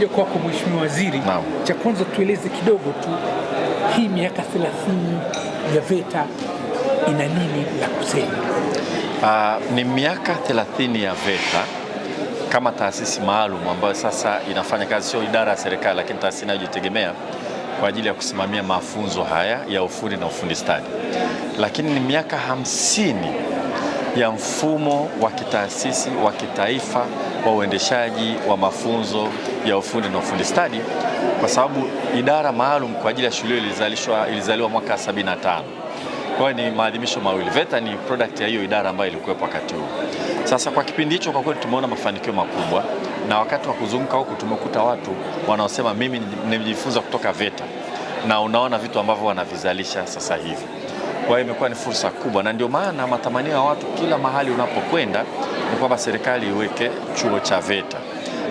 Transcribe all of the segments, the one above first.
Nikija kwako Mheshimiwa Waziri, cha kwanza tueleze kidogo tu hii miaka 30 ya VETA ina nini la kusema? Uh, ni miaka 30 ya VETA kama taasisi maalum ambayo sasa inafanya kazi, sio idara ya serikali, lakini taasisi inayojitegemea kwa ajili ya kusimamia mafunzo haya ya ufundi na ufundi stadi, lakini ni miaka hamsini ya mfumo wa kitaasisi wa kitaifa kwa uendeshaji wa mafunzo ya ufundi na ufundi stadi, kwa sababu idara maalum kwa ajili ya shule ilizalishwa ilizaliwa mwaka 75. Kwa ni maadhimisho mawili. VETA ni product ya hiyo idara ambayo ilikuwepo wakati huo. Sasa kwa kipindi hicho kwa kweli tumeona mafanikio makubwa, na wakati wa kuzunguka huku tumekuta watu wanaosema mimi nimejifunza kutoka VETA, na unaona vitu ambavyo wanavizalisha sasa hivi. Kwa hiyo imekuwa ni fursa kubwa, na ndio maana matamanio ya watu kila mahali unapokwenda ni kwamba serikali iweke chuo cha VETA,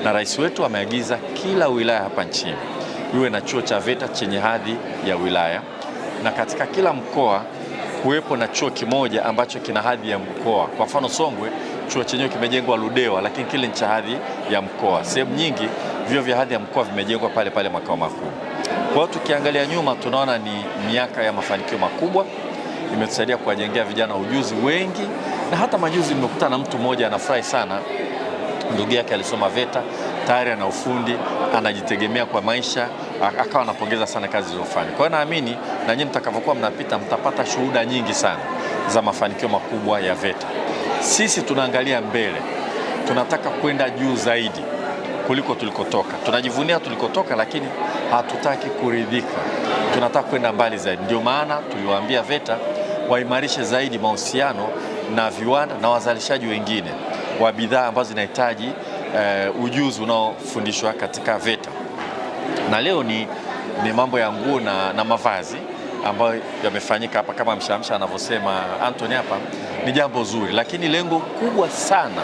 na rais wetu ameagiza kila wilaya hapa nchini iwe na chuo cha VETA chenye hadhi ya wilaya, na katika kila mkoa kuwepo na chuo kimoja ambacho kina hadhi ya mkoa. Kwa mfano, Songwe chuo chenyewe kimejengwa Ludewa, lakini kile ni cha hadhi ya mkoa. Sehemu nyingi vyuo vya hadhi ya mkoa vimejengwa pale pale makao makuu. Kwa hiyo tukiangalia nyuma, tunaona ni miaka ya mafanikio makubwa, imetusaidia kuwajengea vijana ujuzi wengi na hata majuzi nimekutana na mtu mmoja anafurahi sana, ndugu yake alisoma VETA tayari ana ufundi, anajitegemea kwa maisha, akawa anapongeza sana kazi zilizofanya. Kwa hiyo naamini na nyinyi mtakavyokuwa mnapita mtapata shuhuda nyingi sana za mafanikio makubwa ya VETA. Sisi tunaangalia mbele, tunataka kwenda juu zaidi kuliko tulikotoka. Tunajivunia tulikotoka, lakini hatutaki kuridhika, tunataka kwenda mbali zaidi. Ndio maana tuliwaambia VETA waimarishe zaidi mahusiano na viwanda na wazalishaji wengine wa bidhaa ambazo zinahitaji uh, ujuzi unaofundishwa katika VETA. Na leo ni, ni mambo ya nguo na, na mavazi ambayo yamefanyika hapa kama mshamsha anavyosema Anthony hapa, ni jambo zuri, lakini lengo kubwa sana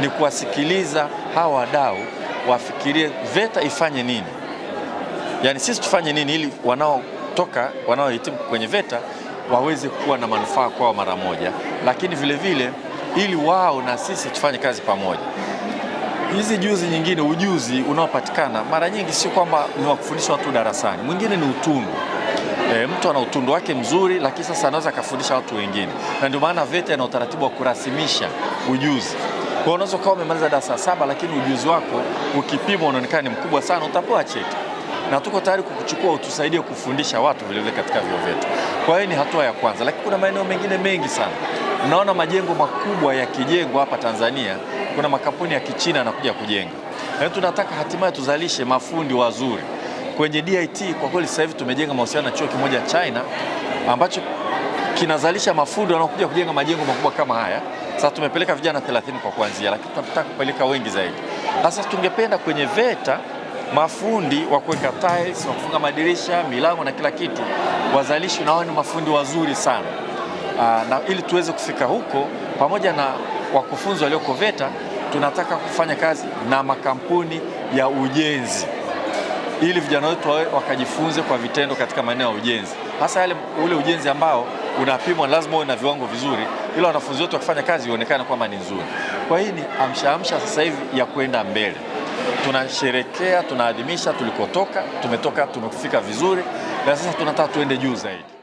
ni kuwasikiliza hawa wadau wafikirie VETA ifanye nini, yaani sisi tufanye nini ili wanaotoka wanaohitimu kwenye VETA waweze kuwa na manufaa kwao mara moja, lakini vilevile vile, ili wao na sisi tufanye kazi pamoja. Hizi juzi nyingine, ujuzi unaopatikana mara nyingi sio kwamba ni wa kufundisha watu darasani, mwingine ni utundu E, mtu ana utundu wake mzuri lakini sasa anaweza akafundisha watu wengine, na ndio maana VETA ina utaratibu wa kurasimisha ujuzi. Kwa unaweza ukawa umemaliza darasa saba, lakini ujuzi wako ukipimwa unaonekana ni mkubwa sana, utapewa cheti na tuko tayari kukuchukua utusaidie kufundisha watu vile vile katika vyuo vyetu. Kwa hiyo ni hatua ya kwanza, lakini kuna maeneo mengine mengi sana. Mnaona majengo makubwa yakijengwa hapa Tanzania, kuna makampuni ya Kichina yanakuja kujenga, na tunataka hatimaye tuzalishe mafundi wazuri kwenye DIT. Kwa kweli sasa hivi tumejenga mahusiano na chuo kimoja China ambacho kinazalisha mafundi wanaokuja kujenga majengo makubwa kama haya. Sasa tumepeleka vijana 30 kwa kuanzia, lakini tunataka kupeleka wengi zaidi. Sasa tungependa kwenye VETA mafundi wa kuweka tiles wa kufunga madirisha, milango na kila kitu wazalishi na ni mafundi wazuri sana. Aa, ah, na ili tuweze kufika huko pamoja na wakufunzi walioko VETA tunataka kufanya kazi na makampuni ya ujenzi ili vijana wetu wakajifunze kwa vitendo katika maeneo ya ujenzi, hasa yale ule ujenzi ambao unapimwa, lazima uwe na viwango vizuri, ili wanafunzi wetu wakifanya kazi ionekane kwamba ni nzuri. Kwa hii ni amshaamsha sasa hivi ya kwenda mbele tunasherekea, tunaadhimisha tulikotoka, tumetoka, tumefika vizuri, na sasa tunataka tuende juu zaidi.